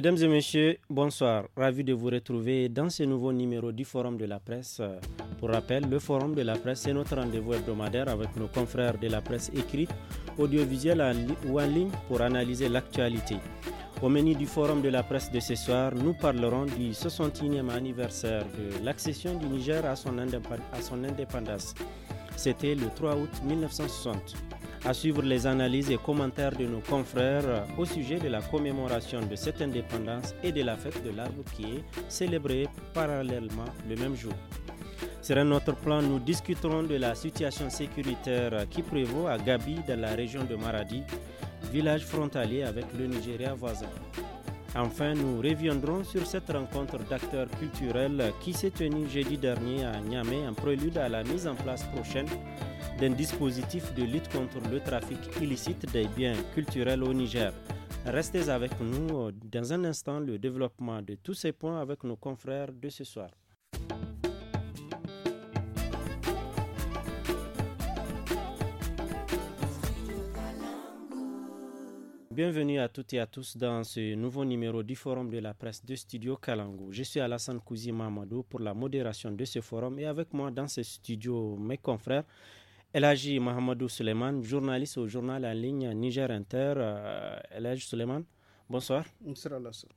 Mesdames et messieurs, bonsoir. Ravi de vous retrouver dans ce nouveau numéro du Forum de la presse. Pour rappel, le Forum de la presse est notre rendez-vous hebdomadaire avec nos confrères de la presse écrite, audiovisuelle ou en ligne pour analyser l'actualité. Au menu du Forum de la presse de ce soir, nous parlerons du 61e anniversaire de l'accession du Niger à son indépendance. C'était le 3 août 1960. À suivre les analyses et commentaires de nos confrères au sujet de la commémoration de cette indépendance et de la fête de l'arbre qui est célébrée parallèlement le même jour. Sur un autre plan, nous discuterons de la situation sécuritaire qui prévaut à Gabi dans la région de Maradi, village frontalier avec le Nigeria voisin. Enfin, nous reviendrons sur cette rencontre d'acteurs culturels qui s'est tenue jeudi dernier à Niamey en prélude à la mise en place prochaine d'un dispositif de lutte contre le trafic illicite des biens culturels au Niger. Restez avec nous dans un instant le développement de tous ces points avec nos confrères de ce soir. bienvenue à toutes et à tous dans ce nouveau numéro du Forum de la presse de Studio Kalangou. Je suis Alassane Kouzi Mamadou pour la modération de ce forum et avec moi dans ce studio mes confrères Elagi Mahamadou Suleiman, journaliste au journal en ligne Niger Inter. Euh, Elagi Suleiman, bonsoir.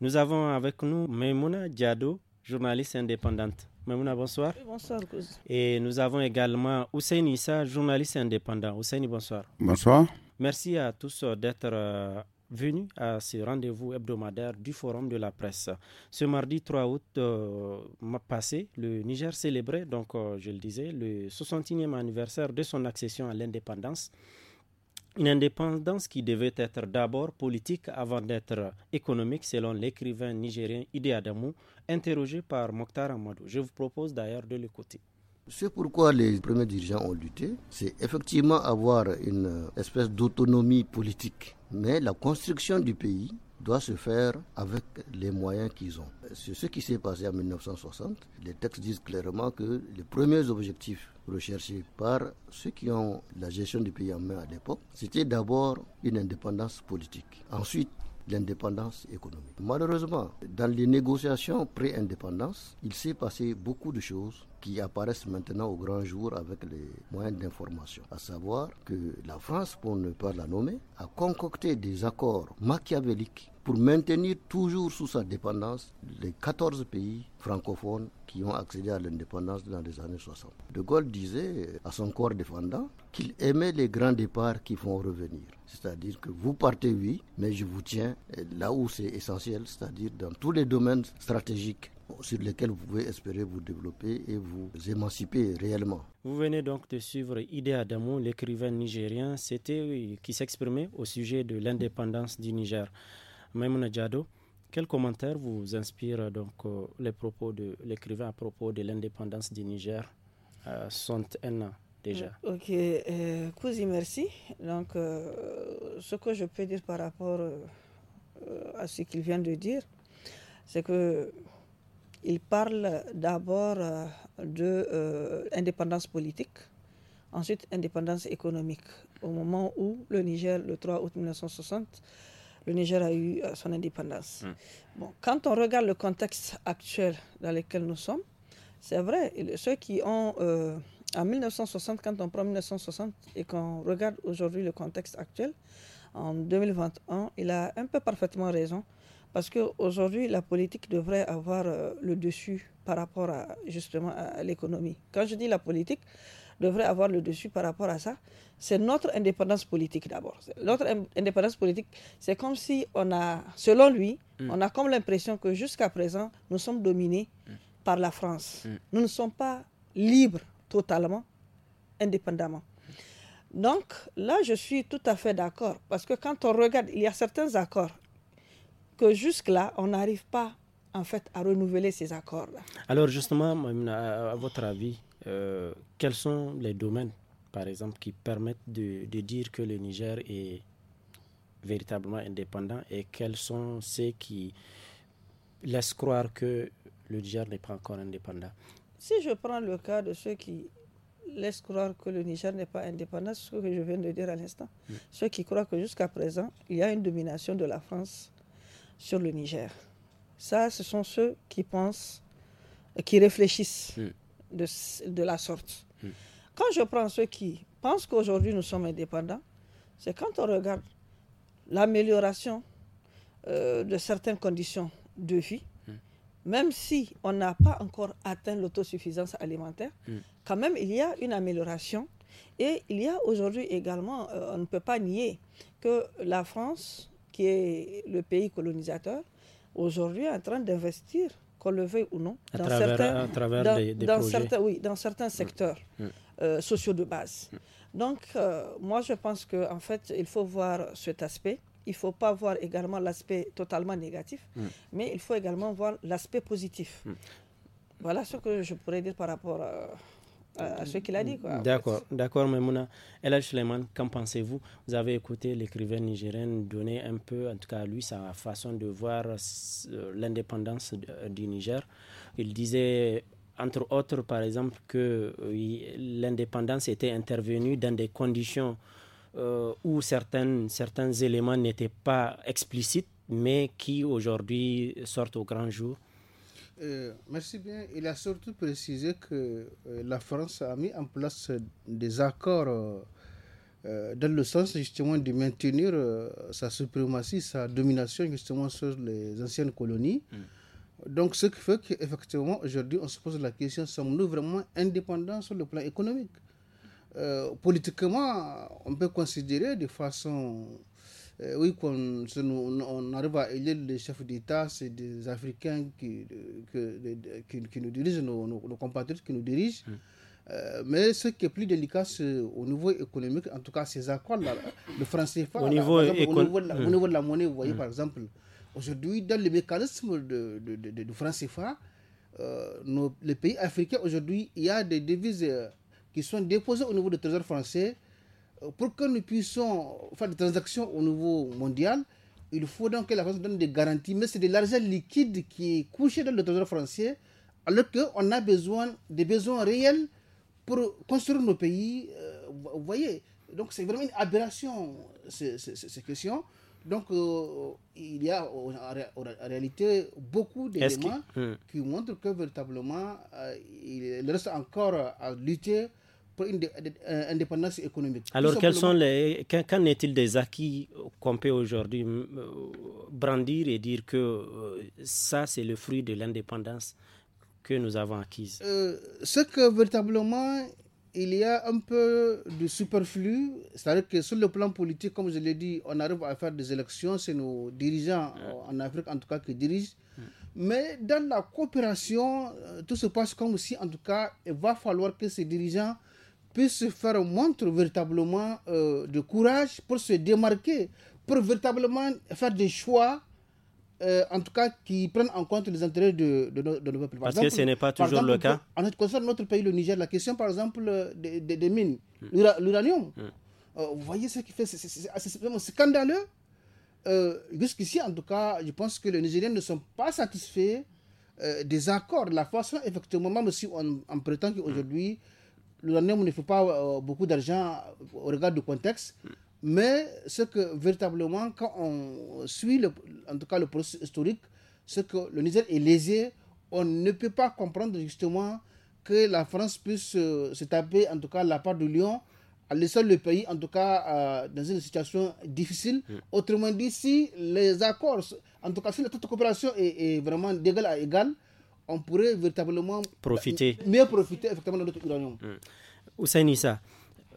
Nous avons avec nous Maimouna Diado, journaliste indépendante. Maimouna, bonsoir. bonsoir, Et nous avons également Hussein Issa, journaliste indépendant. Hussein, bonsoir. Bonsoir. Merci à tous euh, d'être euh, venu à ce rendez-vous hebdomadaire du Forum de la presse. Ce mardi 3 août euh, passé, le Niger célébrait, donc euh, je le disais, le 60 e anniversaire de son accession à l'indépendance. Une indépendance qui devait être d'abord politique avant d'être économique, selon l'écrivain nigérien Idi Adamou, interrogé par Mokhtar Amadou. Je vous propose d'ailleurs de l'écouter. C'est pourquoi les premiers dirigeants ont lutté, c'est effectivement avoir une espèce d'autonomie politique. Mais la construction du pays doit se faire avec les moyens qu'ils ont. C'est ce qui s'est passé en 1960. Les textes disent clairement que les premiers objectifs recherchés par ceux qui ont la gestion du pays en main à l'époque, c'était d'abord une indépendance politique. Ensuite, l'indépendance économique. Malheureusement, dans les négociations pré-indépendance, il s'est passé beaucoup de choses qui apparaissent maintenant au grand jour avec les moyens d'information. À savoir que la France, pour ne pas la nommer, a concocté des accords machiavéliques pour maintenir toujours sous sa dépendance les 14 pays francophones qui ont accédé à l'indépendance dans les années 60. De Gaulle disait à son corps défendant qu'il aimait les grands départs qui font revenir. C'est-à-dire que vous partez, oui, mais je vous tiens là où c'est essentiel, c'est-à-dire dans tous les domaines stratégiques sur lesquels vous pouvez espérer vous développer et vous émanciper réellement. Vous venez donc de suivre Idea Adamo, l'écrivain nigérien, c'était qui s'exprimait au sujet de l'indépendance du Niger. Maimouna Diado, quel commentaires vous inspire donc euh, les propos de l'écrivain à propos de l'indépendance du Niger euh, sont un déjà euh, Ok, euh, Kouzi, merci. Donc, ce que je peux dire par rapport à ce qu'il vient de dire, c'est que il parle d'abord de indépendance politique, ensuite indépendance économique, au moment où le Niger, le 3 août 1960, le Niger a eu euh, son indépendance. Hmm. Bon, quand on regarde le contexte actuel dans lequel nous sommes, c'est vrai, ceux qui ont, euh, en 1960, quand on prend 1960 et qu'on regarde aujourd'hui le contexte actuel, en 2021, il a un peu parfaitement raison. Parce qu'aujourd'hui, la politique devrait avoir euh, le dessus par rapport à, justement à l'économie. Quand je dis la politique, devrait avoir le dessus par rapport à ça, c'est notre indépendance politique d'abord. Notre indépendance politique, c'est comme si on a, selon lui, mm. on a comme l'impression que jusqu'à présent, nous sommes dominés mm. par la France. Mm. Nous ne sommes pas libres totalement, indépendamment. Donc là, je suis tout à fait d'accord, parce que quand on regarde, il y a certains accords que jusque-là, on n'arrive pas en fait à renouveler ces accords-là. Alors justement, à votre avis, euh, quels sont les domaines, par exemple, qui permettent de, dire que le Niger est véritablement indépendant et quels sont ceux qui laissent croire que le Niger n'est pas encore indépendant Si je prends le cas de ceux qui laissent croire que le Niger n'est pas indépendant, ce que je viens de dire à l'instant, ceux qui croient que jusqu'à présent, il y a une domination de la France sur le Niger. Ça, ce sont ceux qui pensent, qui réfléchissent de, la sorte. Quand je prends ceux qui pensent qu'aujourd'hui nous sommes indépendants, c'est quand on regarde l'amélioration euh, de certaines conditions de vie, même si on n'a pas encore atteint l'autosuffisance alimentaire, quand même il y a une amélioration. Et il y a aujourd'hui également, euh, on ne peut pas nier que la France, qui est le pays colonisateur, aujourd'hui est en train d'investir qu'on ou non, dans, certains, oui, dans certains mm. secteurs mm. Mm. Euh, sociaux de base. Donc, euh, moi, je pense qu'en en fait, il faut voir cet aspect. Il ne faut pas voir également l'aspect totalement négatif, mais il faut également voir l'aspect positif. Voilà ce que je pourrais dire par rapport à... Euh, à ce qu'il a dit. D'accord, d'accord, Maimouna. El Suleiman, qu'en pensez-vous Vous avez écouté l'écrivain nigérien donner un peu, en tout cas lui, sa façon de voir euh, l'indépendance euh, du Niger. Il disait, entre autres, par exemple, que euh, l'indépendance était intervenue dans des conditions où certains éléments n'étaient pas explicites, mais qui aujourd'hui sortent au grand jour. Euh, merci bien. Il a surtout précisé que euh, la France a mis en place des accords euh, dans le sens justement de maintenir sa suprématie, sa domination justement sur les anciennes colonies. Mm. Donc ce qui fait qu'effectivement aujourd'hui on se pose la question, sommes-nous vraiment indépendants sur le plan économique Politiquement, on peut considérer de façon euh, oui, quand on, arrive à élire les chefs d'État, c'est des Africains qui, qui, nous dirigent, nos, compatriotes qui nous dirigent. Mm. Euh, mais ce qui est plus délicat, c'est au niveau économique, en tout cas ces accords-là, le franc CFA, au, niveau au, mm. niveau de la, monnaie, vous voyez mm. par exemple, aujourd'hui, dans le mécanisme de, franc CFA, euh, les pays africains, aujourd'hui, il y a des devises qui sont déposées au niveau du trésor français euh, pour que nous puissions faire des transactions au niveau mondial, il faut donc que la France donne des garanties, mais c'est de l'argent liquide qui est couché dans le trésor français, alors qu'on a besoin des besoins réels pour construire nos pays. Euh, vous voyez, donc c'est vraiment une aberration ces, questions. Donc euh, il y a en, réalité beaucoup d'éléments hmm. qui montrent que véritablement il reste encore à lutter pour une euh, indépendance économique. Alors, quels sont les, qu'en est-il des acquis qu'on peut aujourd'hui euh, brandir et dire que euh, ça, c'est le fruit de l'indépendance que nous avons acquise Ce que véritablement, il y a un peu de superflu, c'est-à-dire que sur le plan politique, comme je l'ai dit, on arrive à faire des élections, c'est nos dirigeants en Afrique en tout cas qui dirigent. Mais dans la coopération, tout se passe comme si, en tout cas, il va falloir que ces dirigeants puisse se faire montre véritablement euh, de courage pour se démarquer, pour véritablement faire des choix euh, en tout cas qui prennent en compte les intérêts de, de, de nos peuples. Parce que ce n'est pas toujours le cas. En ce qui concerne notre pays, le Niger, la question par exemple euh, des, mines, hmm. l'uranium, hmm. vous voyez ce qui fait, c'est vraiment scandaleux. Jusqu'ici, en tout cas, je pense que les Nigériens ne sont pas satisfaits des accords, la façon, effectivement, même si on, prétend hmm. qu'aujourd'hui, le ne fait pas euh, beaucoup d'argent au regard du contexte. Mais ce que véritablement, quand on suit le, en tout cas le processus historique, ce que le Niger est lésé, on ne peut pas comprendre justement que la France puisse euh, se taper en tout cas la part de Lyon, à laisser le pays en tout cas euh, dans une situation difficile. Mm. Autrement dit, si les accords, en tout cas si la toute coopération est, est vraiment d'égal à égal, on pourrait véritablement profiter. Euh, mieux profiter effectivement de notre uranium. Hmm. Issa,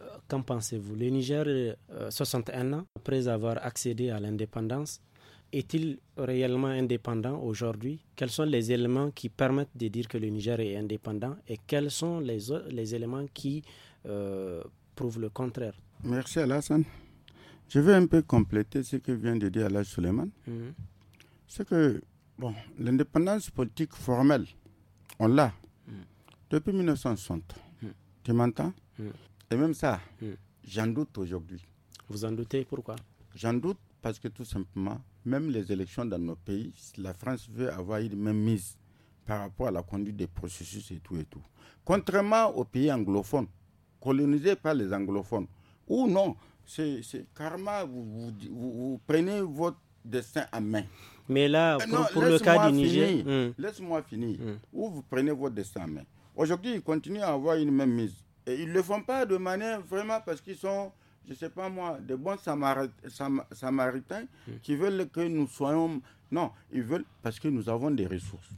euh, qu'en pensez-vous Le Niger, 61 euh, ans, après avoir accédé à l'indépendance, est-il réellement indépendant aujourd'hui Quels sont les éléments qui permettent de dire que le Niger est indépendant et quels sont les, les éléments qui prouvent le contraire Merci Alassane. Je vais un peu compléter ce que vient de dire Alassane. Suleiman. Hmm. C'est que Bon, l'indépendance politique formelle, on l'a hmm. depuis 1960. Hmm. Tu m'entends hmm. Et même ça, j'en doute aujourd'hui. Vous en doutez pourquoi J'en doute parce que tout simplement, même les élections dans nos pays, la France veut avoir une même mise par rapport à la conduite des processus et tout et tout. Contrairement aux pays anglophones, colonisés par les anglophones, ou non, c'est karma, vous prenez votre destin à main. Mais là, euh, pour, le cas du Niger. Hmm. Laisse-moi finir. Hmm. Où vous prenez votre destin à main. Aujourd'hui, ils continuent à avoir une même mise. Et ils ne le font pas de manière vraiment parce qu'ils sont, je ne sais pas moi, des bons Samaritains hmm. qui veulent que nous soyons. Non, ils veulent parce que nous avons des ressources.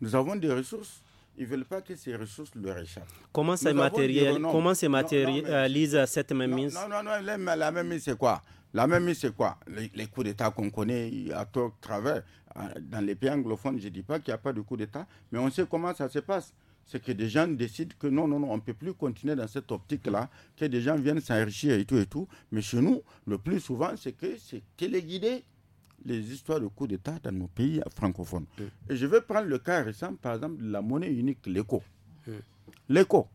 Nous avons des ressources. Ils ne veulent pas que ces ressources leur échappent. Comment, matériel, comment se matérialise euh, cette même mise Non, non, non la même mise, c'est quoi la même c'est quoi les, coups d'État qu'on connaît à travers. Euh, dans les pays anglophones, je ne dis pas qu'il n'y a pas de coup d'État, mais on sait comment ça se passe c'est que des gens décident que non, non, non, on ne peut plus continuer dans cette optique-là, que des gens viennent s'enrichir et tout et tout. Mais chez nous, le plus souvent, c'est que c'est téléguidé les histoires de coups d'État dans nos pays francophones. Et je vais prendre le cas récent, par exemple, de la monnaie unique, l'éco. L'éco.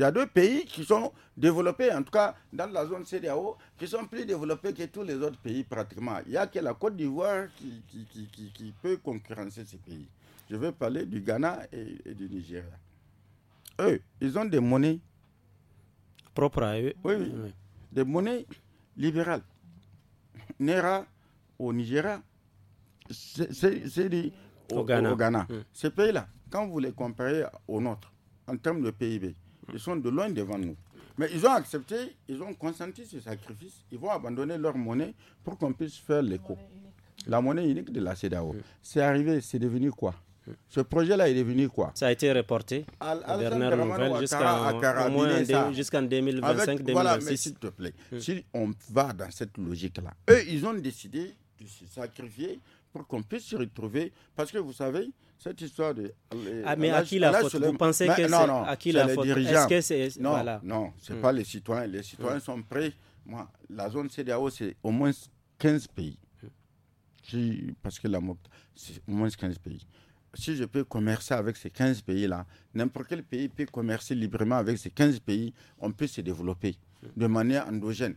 Il y a deux pays qui sont développés, en tout cas dans la zone CDAO, qui sont plus développés que tous les autres pays pratiquement. Il n'y a que la Côte d'Ivoire qui, peut concurrencer ces pays. Je vais parler du Ghana et, du Nigeria. Eux, ils ont des monnaies. Propres Oui, oui. Des monnaies libérales. Nera au Nigeria, c'est au, Ghana. Mm. Ces pays-là, quand vous les comparez aux nôtres, en termes de PIB, ils sont de loin devant nous. Mais ils ont accepté, ils ont consenti ce sacrifice. Ils vont abandonner leur monnaie pour qu'on puisse faire l'écho. La monnaie unique de la CEDAO. C'est arrivé, c'est devenu quoi ce projet-là est devenu quoi Ça a été reporté. À, dernière jusqu'en 2025-2026. Voilà, s'il te plaît, si on va dans cette logique-là, eux, ils ont décidé de se sacrifier pour qu'on puisse se retrouver. Parce que vous savez, cette histoire de. Ah, mais à qui la faute Vous pensez que c'est à qui la faute Est-ce que c'est. Non, non, ce n'est pas hmm. les citoyens. Les citoyens hmm. sont prêts. Moi, la zone CDAO, c'est au moins 15 pays. parce que la moque, c'est au moins 15 pays. Si je peux commercer avec ces 15 pays-là, n'importe quel pays peut commercer librement avec ces 15 pays, on peut se développer de hmm. manière endogène.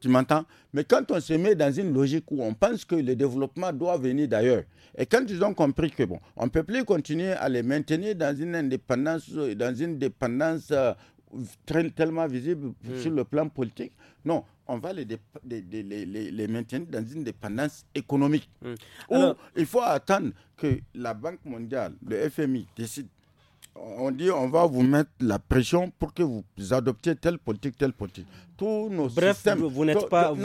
Tu m'entends Mais quand on se met dans une logique où on pense que le développement doit venir d'ailleurs, et quand ils ont compris que bon, on ne peut plus continuer à les maintenir dans une indépendance, dans une dépendance euh, tellement visible hmm. sur le plan politique, non, on va les, les, maintenir dans une dépendance économique. Hmm. il faut attendre que la Banque mondiale, le FMI, décide. On dit on va vous mettre la pression pour que vous adoptiez telle politique, telle politique. Bref, vous n'êtes pas, vous,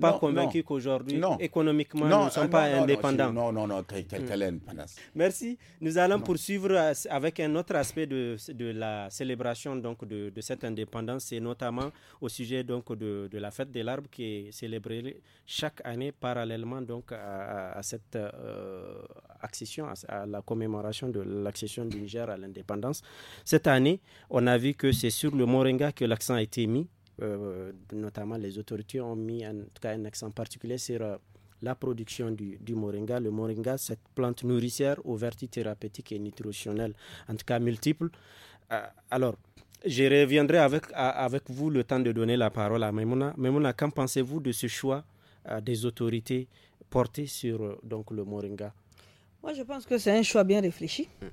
pas convaincu qu'aujourd'hui, économiquement, nous ne sommes euh, pas indépendants. Non, non, non, mm. Merci. Nous allons poursuivre avec un autre aspect de, la célébration donc, de, cette indépendance, et notamment au sujet donc, de, la fête des l'arbre qui est célébrée chaque année parallèlement donc, à, cette euh, accession, à, à la commémoration de l'accession du Niger à l'indépendance. Cette année, on a vu que c'est sur le Moringa que l'accent a été mis euh, notamment les autorités ont mis en tout cas un accent particulier sur euh, la production du, moringa. Le moringa, cette plante nourricière aux vertus thérapeutiques et nutritionnelles, en tout cas multiples. Euh, alors, je reviendrai avec, avec vous le temps de donner la parole à Maimouna. Maimouna, qu'en pensez-vous de ce choix des autorités porté sur donc, le moringa Moi, je pense que c'est un choix bien réfléchi. Mm.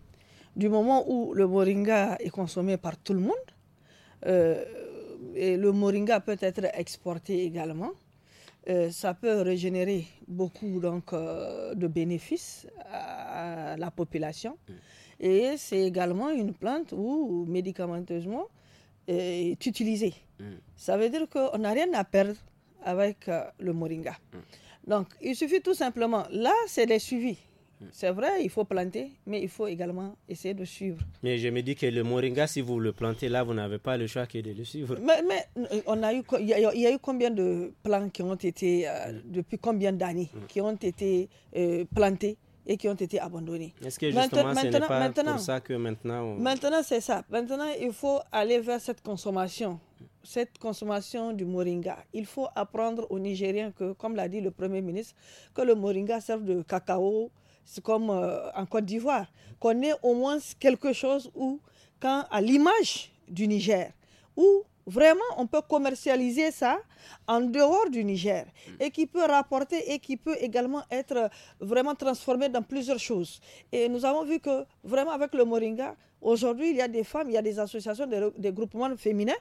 Du moment où le moringa est consommé par tout le monde, le moringa peut être exporté également. Euh, ça peut régénérer beaucoup donc, euh, de bénéfices à la population. Mm. Et c'est également une plante où, médicamenteusement, euh, est utilisée. Mm. Ça veut dire qu'on n'a rien à perdre avec le moringa. Mm. Donc, il suffit tout simplement, là, c'est les suivis. Mm. C'est vrai, il faut planter, mais il faut également essayer de suivre. Mais je me dis que le moringa, si vous le plantez là, vous n'avez pas le choix que de le suivre. Mais, mais euh, on a eu, il, y a, eu combien de plants qui ont été, euh, mm. depuis combien d'années, mm. qui ont été euh, plantés et qui ont été abandonnés. Est-ce que justement, ce pas pour ça que maintenant... Maintenant, c'est ça. Maintenant, il faut aller vers cette consommation, cette consommation du moringa. Il faut apprendre aux Nigériens que, comme l'a dit le Premier ministre, que le moringa sert de cacao, c'est comme euh, en Côte d'Ivoire, qu'on ait au moins quelque chose où, quand, à l'image du Niger, où vraiment on peut commercialiser ça en dehors du Niger mm. et qui peut rapporter et qui peut également être euh, vraiment transformé dans plusieurs choses. Et nous avons vu que vraiment avec le Moringa, aujourd'hui il y a des femmes, il y a des associations, des, groupements féminins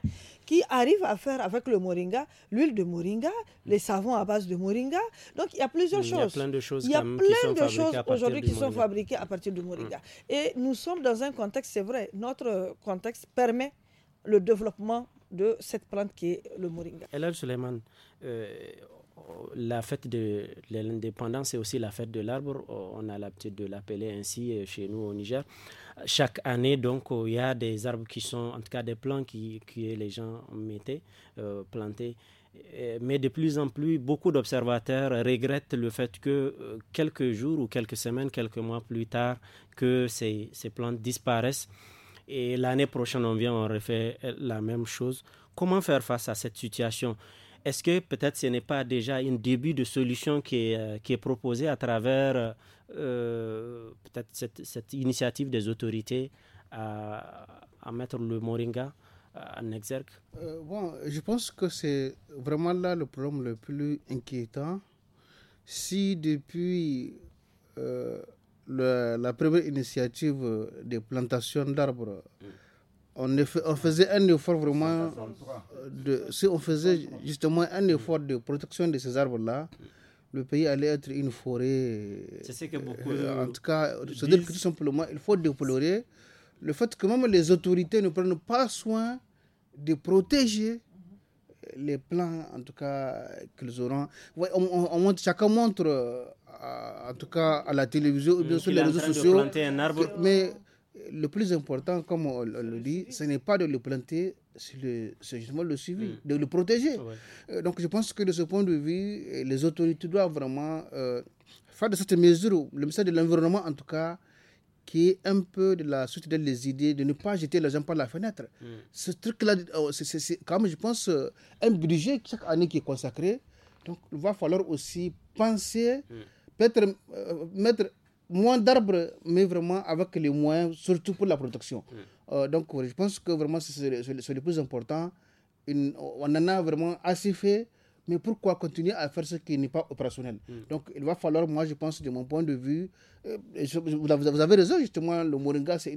qui arrivent à faire avec le Moringa l'huile de Moringa, mm. les savons à base de Moringa. Donc il y a plusieurs choses. Il y a plein de choses, aujourd'hui qui sont fabriquées à partir du mm. Moringa. Et nous sommes dans un contexte, c'est vrai, notre contexte permet le développement de cette plante qui est le moringa. Elal Suleiman, euh, la fête de l'indépendance est aussi la fête de l'arbre. Euh, on a l'habitude de l'appeler ainsi euh, chez nous au Niger. Chaque année, donc, il y a des arbres qui sont, en tout cas des plants qui, les gens mettaient, euh, plantés mais de plus en plus, beaucoup d'observateurs regrettent le fait que quelques jours ou quelques semaines, quelques mois plus tard, que ces plantes disparaissent et l'année prochaine, on vient, on refait euh, la même chose. Comment faire face à cette situation Est-ce que peut-être ce n'est pas déjà un début de solution qui est, euh, qui est proposé à travers euh, peut-être cette, initiative des autorités à, mettre le moringa en exergue Bon, je pense que c'est vraiment là le problème le plus inquiétant. Si depuis la première initiative euh, des plantations d'arbres, mm. on, on, faisait un effort vraiment. Euh, de, si on faisait justement un mm. effort de protection de ces arbres-là, mm. le pays allait être une forêt. C'est ce que beaucoup. Euh, en tout cas, cest que tout simplement, il faut déplorer le fait que même les autorités ne prennent pas soin de protéger les plans, en tout cas, qu'ils auront. on, chacun montre en tout cas à la télévision ou bien sur les réseaux sociaux. Mais le plus important, comme on, le dit, ce n'est pas de le planter, c'est justement le suivi, hmm. de le protéger. Euh, donc je pense que de ce point de vue, les autorités doivent vraiment euh, faire de cette mesure, le ministère de l'Environnement en tout cas, qui est un peu de la suite des idées, de ne pas jeter les gens par la fenêtre. Hmm. Ce truc-là, euh, c'est quand même, je pense, un budget chaque année qui est consacré. Donc il va falloir aussi penser... Hmm peut-être euh, mettre moins d'arbres, mais vraiment avec les moyens, surtout pour la protection. Mm. Euh, donc, je pense que vraiment, c'est le plus important. on en a vraiment assez fait, mais pourquoi continuer à faire ce qui n'est pas opérationnel mm. Donc, il va falloir, moi, je pense, de mon point de vue, euh, vous, avez, raison, justement, le Moringa, c'est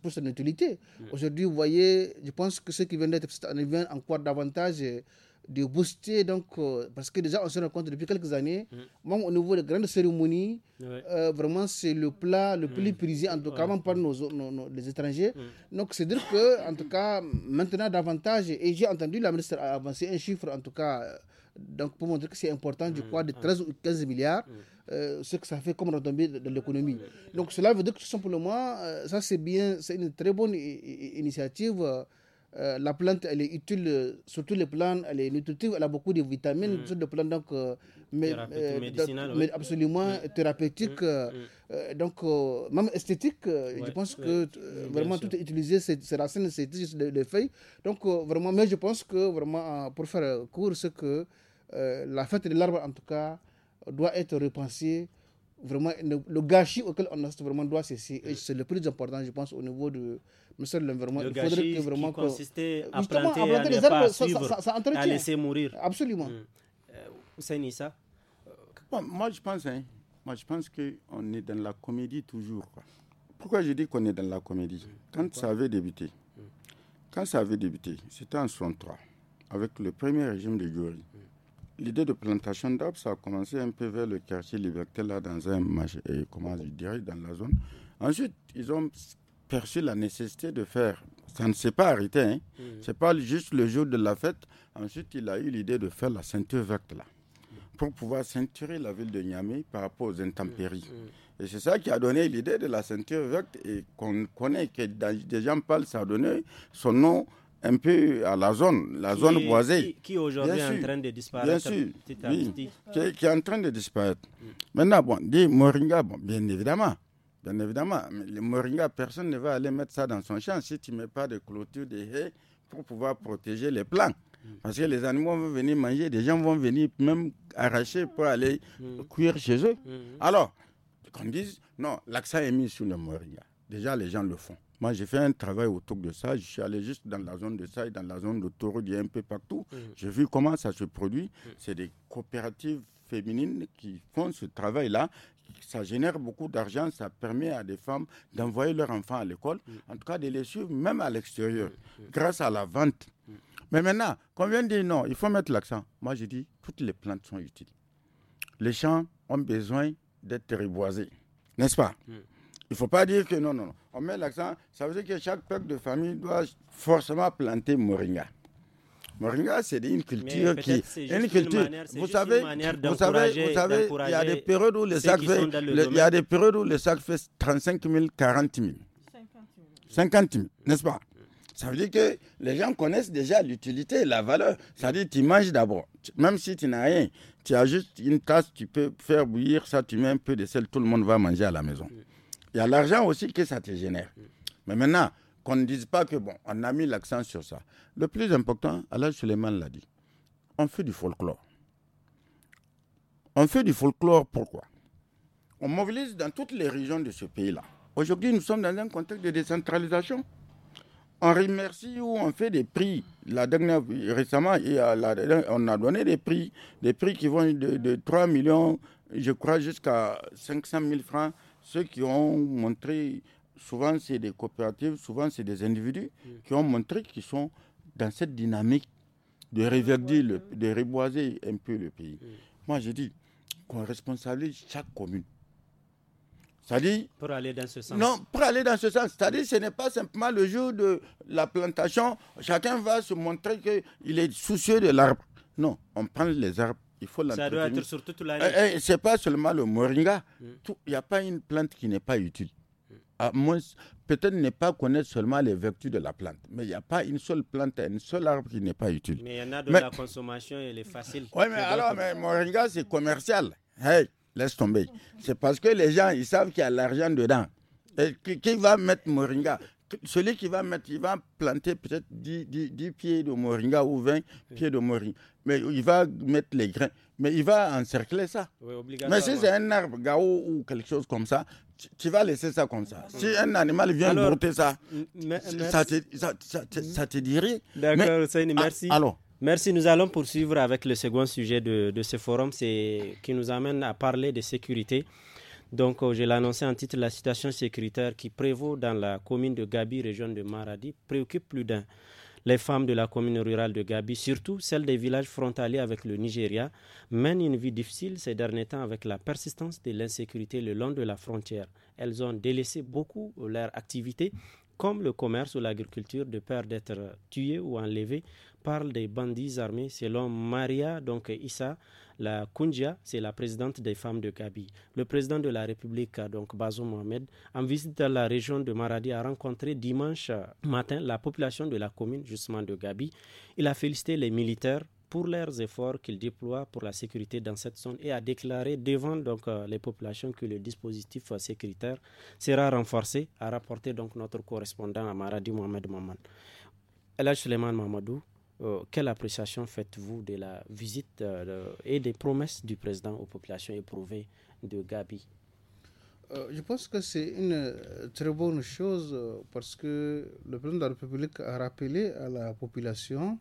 pour son utilité. Mm. Aujourd'hui, vous voyez, je pense que ce qui vient d'être, en vient encore davantage de booster, donc, euh, parce que déjà, on se rend compte depuis quelques années, même au niveau des grandes cérémonies, euh, vraiment, c'est le plat le mm. plus prisé, en tout cas, même par nos, les étrangers. Mm. Donc, c'est dire que, en tout cas, maintenant, davantage, et j'ai entendu la ministre avancer un chiffre, en tout cas, euh, donc, pour montrer que c'est important, du crois, mm. de 13 ou 15 milliards, ce que ça fait comme retombée de, l'économie. Donc, cela veut dire que, tout simplement, ça, c'est bien, c'est une très bonne initiative. Euh, la plante, elle est utile, euh, surtout les plantes, elle est nutritive, elle a beaucoup de vitamines mmh. sur plantes donc, euh, mais, absolument thérapeutiques, mm. thérapeutique, mm. donc même esthétique. Je pense que vraiment tout est utilisé, ces racines, ces les, feuilles. Donc vraiment, mais je pense que vraiment pour faire court, c'est que la fête de l'arbre en tout cas doit être repensée vraiment le, gâchis auquel on a vraiment doit cesser. c'est le plus important, je pense, au niveau de monsieur de l'Environnement. Il faudrait vraiment. Qui à planter, à les arbres, laisser mourir. Absolument. Hmm. Euh, euh, moi, je pense, hein, moi, je pense qu'on est dans la comédie toujours. Pourquoi je dis qu'on est dans la comédie hmm. Quand ça avait débuté, hmm. quand ça avait débuté, c'était en 63, avec le premier régime de Gori. L'idée de plantation d'arbres, ça a commencé un peu vers le quartier Liberté, là, dans un, euh, comment je dirais, dans la zone. Ensuite, ils ont perçu la nécessité de faire. Ça ne s'est pas arrêté. Hein. Mhm. C'est pas juste le jour de la fête. Ensuite, il a eu l'idée de faire la ceinture verte là, pour pouvoir ceinturer la ville de Niamey par rapport aux intempéries. Mhm. Mhm. Et c'est ça qui a donné l'idée de la ceinture verte et qu'on connaît que des gens parlent, ça a donné son nom un peu à la zone, la zone boisée. Qui, aujourd'hui est en train de disparaître. Bien sûr, Qui, est en train de disparaître. Maintenant, bon, des Moringa, bon, bien évidemment. Bien évidemment, mais le Moringa, personne ne va aller mettre ça dans son champ si tu ne mets pas de clôture, de haies pour pouvoir protéger les plants. Parce que les animaux vont venir manger, des gens vont venir même arracher pour aller mm. cuire chez eux. Mm. Alors, qu'on dise, non, l'accent est mis sur le Moringa. Déjà, les gens le font. Moi, j'ai fait un travail autour de ça. Je suis allé juste dans la zone de ça et dans la zone de Taureau, il y a un peu partout. Mmh. J'ai vu comment ça se produit. Mmh. C'est des coopératives féminines qui font ce travail-là. Ça génère beaucoup d'argent, ça permet à des femmes d'envoyer leurs enfants à l'école, mmh. en tout cas de les suivre même à l'extérieur, grâce à la vente. Mais maintenant, on vient de dire non, il faut mettre l'accent. Moi, je dis, toutes les plantes sont utiles. Les champs ont besoin d'être reboisés, n'est-ce pas il ne faut pas dire que non, non, non. On met l'accent. Ça veut dire que chaque peuple de famille doit forcément planter Moringa. Moringa, c'est une culture qui. Une culture. vous, savez, vous savez, vous savez, il y a des périodes où le sac il y a des périodes où le sac fait 35 000, 40 000. 50 000, 000 n'est-ce pas Ça veut dire que les gens connaissent déjà l'utilité, la valeur. Ça veut dire tu manges d'abord. Même si tu n'as rien, tu as juste une tasse, tu peux faire bouillir ça, tu mets un peu de sel, tout le monde va manger à la maison. Il y a l'argent aussi que ça te génère. Mais maintenant, qu'on ne dise pas que, bon, on a mis l'accent sur ça. Le plus important, Alain Suleiman l'a dit, on fait du folklore. On fait du folklore pourquoi On mobilise dans toutes les régions de ce pays-là. Aujourd'hui, nous sommes dans un contexte de décentralisation. On remercie ou on fait des prix. La dernière, récemment, on a donné des prix, des prix qui vont de, de 3 millions, je crois, jusqu'à 500 000 francs ceux qui ont montré, souvent c'est des coopératives, souvent c'est des individus qui ont montré qu'ils sont dans cette dynamique de reverdir, de reboiser un peu le pays. Moi, je dis qu'on responsabilise chaque commune. Ça dit Pour aller dans ce sens. Non, pour aller dans ce sens. C'est-à-dire, ce n'est pas simplement le jour de la plantation. Chacun va se montrer qu'il est soucieux de l'arbre. Non, on prend les arbres il faut Ça doit être sur toute l'année. Eh, eh, Ce n'est pas seulement le moringa. Hmm. Il n'y a pas une plante qui n'est pas utile. Hmm. À moins, peut-être ne pas connaître seulement les vertus de la plante, mais il n'y a pas une seule plante, un seul arbre qui n'est pas utile. Mais il y en a de la consommation elle est facile. Oui, mais alors, mais moringa, c'est commercial. Hey, laisse tomber. C'est parce que les gens, ils savent qu'il y a l'argent dedans. Et qui, va mettre moringa Celui qui va mettre, il va planter peut-être 10 pieds de moringa ou 20 pieds de moringa mais il va mettre les grains, mais il va encercler ça. mais si c'est un arbre, gao ou quelque chose comme ça, tu, vas laisser ça comme ça. Si mm. un animal vient brouter ça, ça te, ça, dirait. D'accord, ah, merci. alors, Merci. Nous allons poursuivre avec le second sujet de, ce forum c'est qui nous amène à parler de sécurité. Donc, euh, je l'ai annoncé en titre, la situation sécuritaire qui prévaut dans la commune de Gabi, région de Maradi, préoccupe plus d'un. Les femmes de la commune rurale de Gabi, surtout celles des villages frontaliers avec le Nigeria, mènent une vie difficile ces derniers temps avec la persistance de l'insécurité le long de la frontière. Elles ont délaissé beaucoup leur activité comme le commerce ou l'agriculture, de peur d'être tué ou enlevé par des bandits armés, selon Maria donc Issa la Kunja, c'est la présidente des femmes de Gabi. Le président de la République, donc Bazoum Mohamed, en visite dans la région de Maradi, a rencontré dimanche matin la population de la commune, justement de Gabi. Il a félicité les militaires pour leurs efforts qu'ils déploient pour la sécurité dans cette zone et a déclaré devant donc, euh, les populations que le dispositif euh, sécuritaire sera renforcé, a rapporté donc notre correspondant à Maradi Mohamed Maman. Elhaj Suleiman Mamadou, euh, quelle appréciation faites-vous de la visite et des promesses du président aux populations éprouvées de Gabi Je pense que c'est une très bonne chose parce que le président de la République a rappelé à la population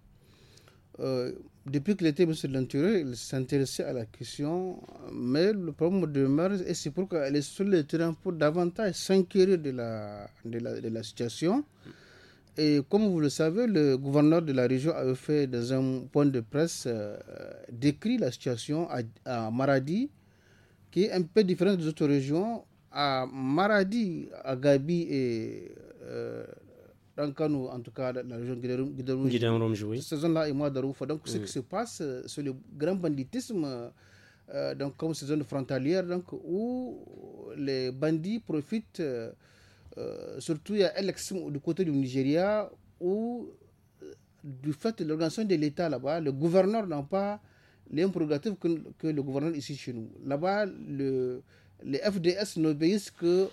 euh, depuis que l'été, ministre de il s'intéressait à la question, mais le problème demeure et c'est pourquoi elle est sur le terrain pour davantage s'inquiéter de la, de, la, situation. Et comme vous le savez, le gouverneur de la région avait fait dans un point de presse euh, décrit la situation à, Maradi, qui est un peu différente des autres régions. À Maradi, à Gabi et euh, dans Kano, en tout cas, dans la région de Guiderum, cette zone-là Donc, ce qui se passe, euh, c'est le grand banditisme. Euh, donc comme ces zones frontalières donc, où les bandits profitent, euh, euh il surtout à l'extrême du côté du Nigeria, où euh, du fait de l'organisation de l'État là-bas, le gouverneur n'a pas les prérogatives que, que, le gouverneur ici chez nous. Là-bas, le, les FDS n'obéissent que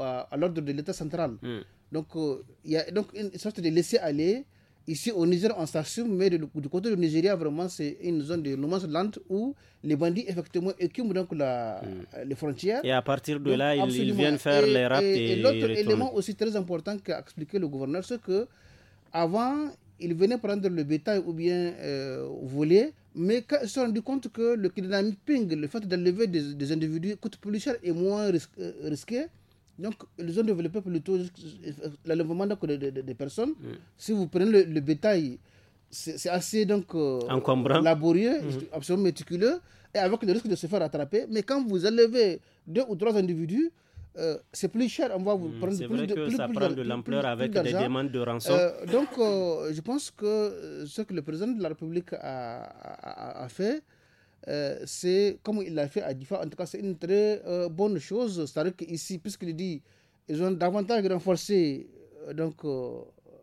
à, l'ordre de l'État central. Hmm. Donc, euh, il y a donc une sorte de laisser-aller. Ici, au Niger, on s'assume, mais du côté du Nigeria, vraiment, c'est une zone de no lente land où les bandits, effectivement, écument donc la, hmm. les frontières. Et à partir de là, ils, viennent faire les rats. Et, et, l'autre élément aussi très important qu'a expliqué le gouverneur, c'est que avant, ils venaient prendre le bétail ou bien euh, voler, mais ils se sont rendus compte que le kidnapping, le fait d'enlever des, des, individus, coûte plus cher et moins euh, risqué, donc, les zones développées plutôt, euh, l'enlèvement des de, de personnes, mm. si vous prenez le, bétail, c'est assez donc euh, laborieux, mm-hmm. absolument méticuleux, et avec le risque de se faire attraper. Mais quand vous élevez deux ou trois individus, euh, c'est plus cher, on va vous mm, prendre vrai de, que plus, ça prend de l'ampleur avec des demandes de rançon. donc, je pense que ce que le président de la République a, a, a fait, euh, c'est comme il l'a fait à Difa, en tout cas, c'est une très euh, bonne chose. C'est-à-dire qu'ici, puisqu'il dit, ils ont davantage renforcé euh, donc,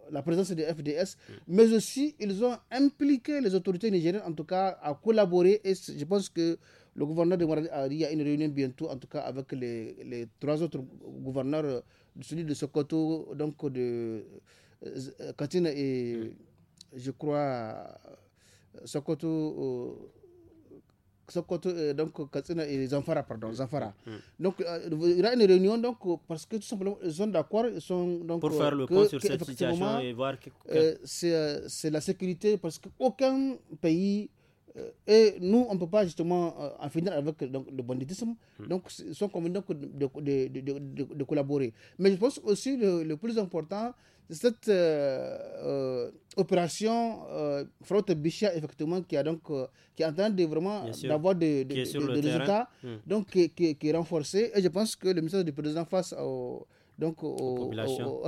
la présence des FDS, mm. mais aussi ils ont impliqué les autorités nigériennes, en tout cas, à collaborer. Et je pense que le gouverneur de Moradi a une réunion bientôt, en tout cas, avec les, les trois autres gouverneurs, celui de Sokoto, donc de Katina et, mm. je crois, Sokoto. Euh, donc Katsina et Zamfara, pardon, mm, Zamfara. Mm, mm. Donc euh, il y aura une réunion donc parce que tout simplement ils sont d'accord, sont donc pour faire le point sur cette situation et voir que... Euh, c'est la sécurité parce qu'aucun pays euh, et nous, on ne peut pas justement euh, en finir avec le banditisme. Hmm. Donc, ils sont convenus de, de, de, collaborer. Mais je pense aussi le, le plus important, cette euh, opération euh, Frotte Bicha, effectivement, qui, a donc, qui est en train de vraiment d'avoir des résultats, hmm. donc qui, qui, est renforcée. Et je pense que le ministère du Président, face au, donc au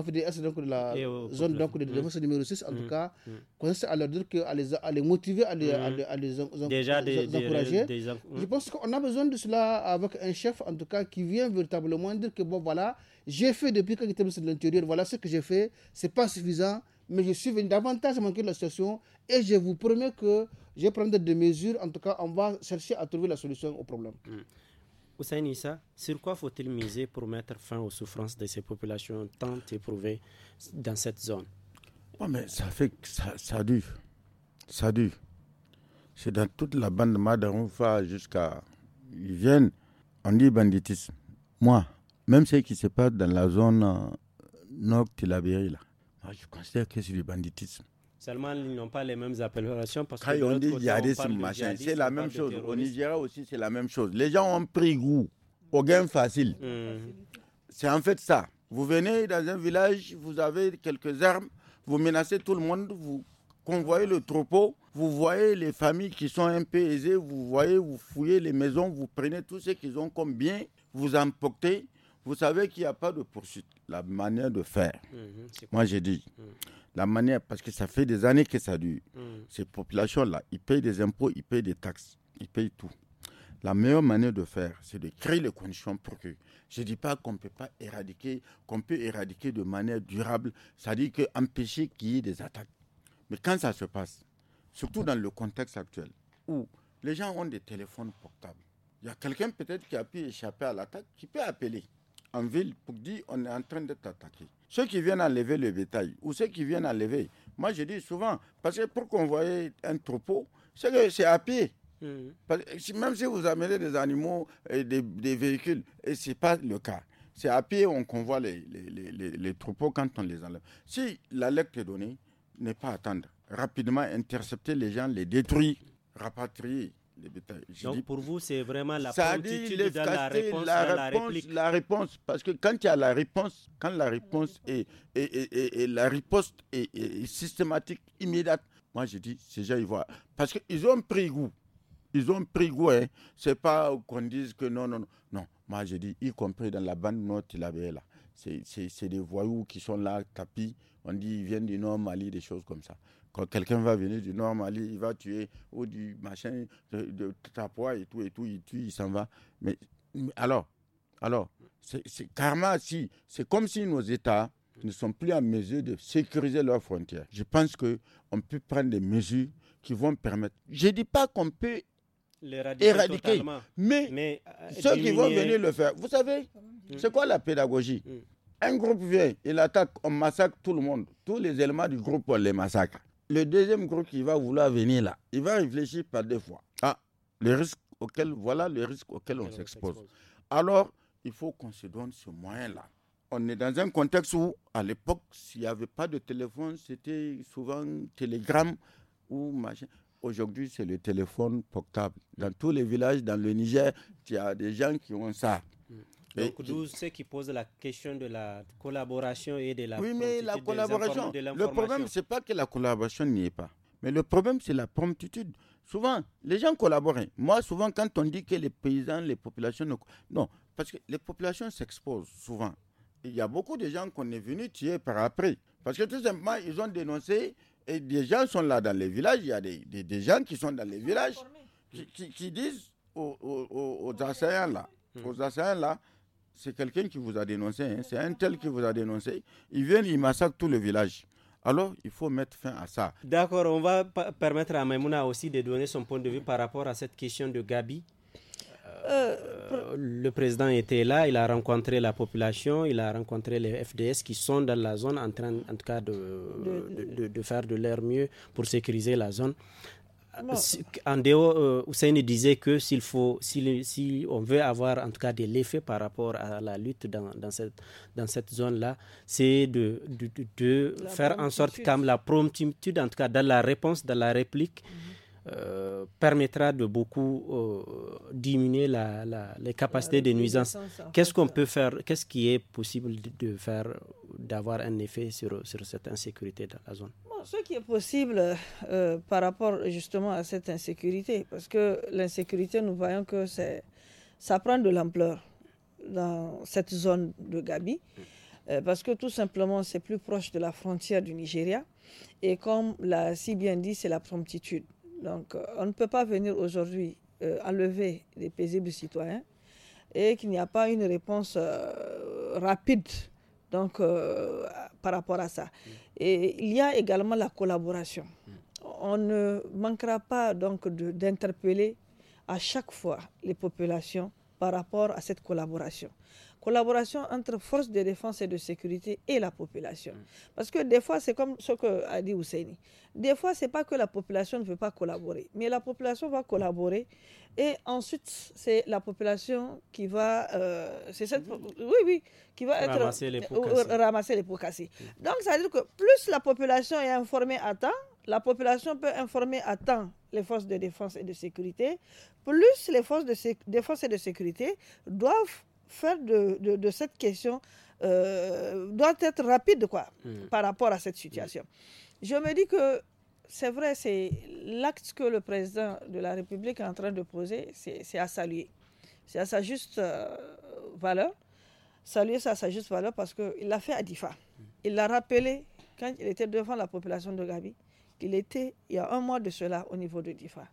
FDS donc de la zone donc de défense numéro 6 en tout mm. cas qu'on mm. à leur dire que à les, les motiver à les, encourager je pense qu'on a besoin de cela avec un chef en tout cas qui vient véritablement dire que bon voilà j'ai fait depuis que j'étais ministre de l'intérieur voilà ce que j'ai fait c'est pas suffisant mais je suis venu davantage manquer la situation et je vous promets que je prendrai des mesures en tout cas on va chercher à trouver la solution au problème mm. Hussein Issa, sur quoi faut-il miser pour mettre fin aux souffrances de ces populations tant éprouvées dans cette zone Oui mais ça fait que ça dure. Ça dure. C'est dans toute la bande Madaroufa jusqu'à. Ils viennent, on dit banditisme. Moi, même ce qui se passe dans la zone euh, nord de la moi, je considère que c'est du banditisme. Seulement, ils n'ont pas les mêmes appellations parce que. c'est la même chose. Au Nigeria aussi, c'est la même chose. Les gens ont pris goût au gain facile. C'est en fait ça. Vous venez dans un village, vous avez quelques armes, vous menacez tout le monde, vous convoyez le troupeau, vous voyez les familles qui sont un peu vous voyez, vous fouillez les maisons, vous prenez tout ce qu'ils ont comme bien, vous emportez vous savez qu'il n'y a pas de poursuite. La manière de faire, mhm, moi j'ai dit, mhm. la manière, parce que ça fait des années que ça dure. Mhm. Ces populations-là, ils payent des impôts, ils payent des taxes, ils payent tout. La meilleure manière de faire, c'est de créer les conditions pour que. Je ne dis pas qu'on ne peut pas éradiquer, qu'on peut éradiquer de manière durable, c'est-à-dire empêcher qu'il y ait des attaques. Mais quand ça se passe, surtout dans le contexte actuel, où les gens ont des téléphones portables, il y a quelqu'un peut-être qui a pu échapper à l'attaque, qui peut appeler en ville pour dire on est en train d'être attaqué. Ceux qui viennent enlever le bétail ou ceux qui viennent enlever, moi je dis souvent, parce que pour convoyer un troupeau, c'est à pied. Mm. même si vous amenez des animaux et des, véhicules, et ce n'est pas le cas. C'est à pied qu'on convoie les, les, les, troupeaux quand on les enlève. Si l'alerte est donnée, ne pas attendre. Rapidement intercepter les gens, les détruire, rapatrier. Donc pour vous, c'est vraiment la promptitude la réponse, la réponse, réponse, parce que quand il y a la réponse, quand la réponse est, et la riposte est, systématique, immédiate, moi je dis, ces gens, ils voient. Parce qu'ils ont pris goût. Ils ont pris goût, hein. C'est pas qu'on dise que non, non, non. Non, moi je dis, y compris dans la bande note, il avait là. C'est des voyous qui sont là, tapis. On dit, ils viennent du Nord, Mali, des choses comme ça. Quand quelqu'un va venir du Nord Mali, il va tuer, ou du machin, de, de et tout, et tout, il tue, il s'en va. Mais alors, alors, c'est karma, si. C'est comme si nos États ne sont plus en mesure de sécuriser leurs frontières. Je pense qu'on peut prendre des mesures qui vont permettre. Je ne dis pas qu'on peut éradiquer, mais, mais euh, ceux qui vont venir le faire, vous savez, c'est quoi la pédagogie mm. Un groupe vient, il attaque, on massacre tout le monde. Tous les éléments du groupe, on les massacre le deuxième groupe qui va vouloir venir là, il va réfléchir par deux fois. Ah, le risque auquel, voilà le risque auquel on s'expose. Alors, il faut qu'on se donne ce moyen-là. On est dans un contexte où, à l'époque, s'il n'y avait pas de téléphone, c'était souvent télégramme ou machin. Aujourd'hui, c'est le téléphone portable. Dans tous les villages, dans le Niger, il y a des gens qui ont ça. Donc, vous ceux qui posent la question de la collaboration et de la. Oui, mais la collaboration. Le problème, c'est pas que la collaboration n'y est pas. Mais le problème, c'est la promptitude. Souvent, les gens collaborent. Moi, souvent, quand on dit que les paysans, les populations. Non, parce que les populations s'exposent souvent. Il y a beaucoup de gens qu'on est venu tuer par après. Parce que tout simplement, ils ont dénoncé et des gens sont là dans les villages. Il y a des, des, gens qui sont dans les villages qui, qui, disent aux, aux, aux là, aux assaillants là, hmm c'est quelqu'un qui vous a dénoncé, hein. c'est un tel qui vous a dénoncé. Il viennent, ils massacre tout le village. Alors, il faut mettre fin à ça. D'accord, on va permettre à Maimouna aussi de donner son point de vue par rapport à cette question de Gabi. Euh, euh, euh, le président était là, il a rencontré la population, il a rencontré les FDS qui sont dans la zone en train, en tout cas, de faire de leur mieux pour sécuriser la zone en dehors, euh, Hussein disait que s'il faut, si, on veut avoir en tout cas de l'effet par rapport à la lutte dans, cette, dans cette zone-là, c'est de, de, faire en sorte comme la promptitude, en tout cas dans la réponse, dans la réplique. Mhm. Euh, permettra de beaucoup euh, diminuer la, les capacités euh, de nuisances. Qu'est-ce qu'on peut faire Qu'est-ce qui est possible de faire, d'avoir un effet sur, sur cette insécurité dans la zone Ce qui est possible par rapport justement à cette insécurité, parce que l'insécurité, nous voyons que ça prend de l'ampleur dans cette zone de Gabi mm. parce que tout simplement, c'est plus proche de la frontière du Nigeria. Et comme l'a si bien dit, c'est la promptitude. Donc euh, on ne peut pas venir aujourd'hui euh, enlever les paisibles citoyens et qu'il n'y a pas une réponse euh, rapide donc, par rapport à ça. Mm. Et il y a également la collaboration. Mm. On ne manquera pas donc d'interpeller à chaque fois les populations par rapport à cette collaboration collaboration entre forces de défense et de sécurité et la population. Mm. Parce que des fois, c'est comme ce que a dit Ousseini. Des fois, c'est pas que la population ne veut pas collaborer, mais la population va collaborer. Et ensuite, c'est la population qui va, euh, c'est cette, mm-hmm. oui, oui, qui va être, ramasser les pots cassés. Mm. Donc, ça veut dire que plus la population est informée à temps, la population peut informer à temps les forces de défense et de sécurité, plus les forces de défense et de sécurité doivent faire de, cette question euh, doit être rapide quoi, mm. par rapport à cette situation. Je me dis que c'est vrai, c'est l'acte que le président de la République est en train de poser, c'est à saluer. C'est à sa juste euh, valeur. Saluer ça à sa juste valeur parce qu'il l'a fait à Difa. Mm. Il l'a rappelé quand il était devant la population de Gabi, qu'il était il y a un mois de cela au niveau de Difa.